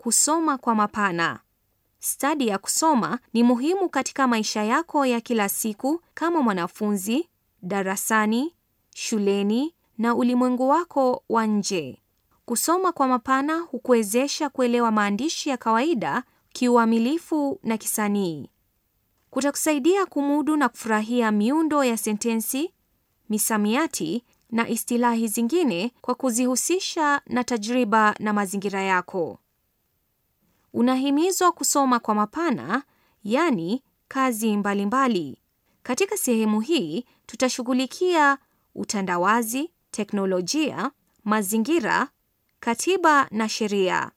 Kusoma kwa mapana. Stadi ya kusoma ni muhimu katika maisha yako ya kila siku kama mwanafunzi, darasani, shuleni na ulimwengu wako wa nje. Kusoma kwa mapana hukuwezesha kuelewa maandishi ya kawaida kiuamilifu na kisanii. Kutakusaidia kumudu na kufurahia miundo ya sentensi, misamiati na istilahi zingine kwa kuzihusisha na tajriba na mazingira yako. Unahimizwa kusoma kwa mapana, yani kazi mbalimbali mbali. Katika sehemu hii tutashughulikia utandawazi, teknolojia, mazingira, katiba na sheria.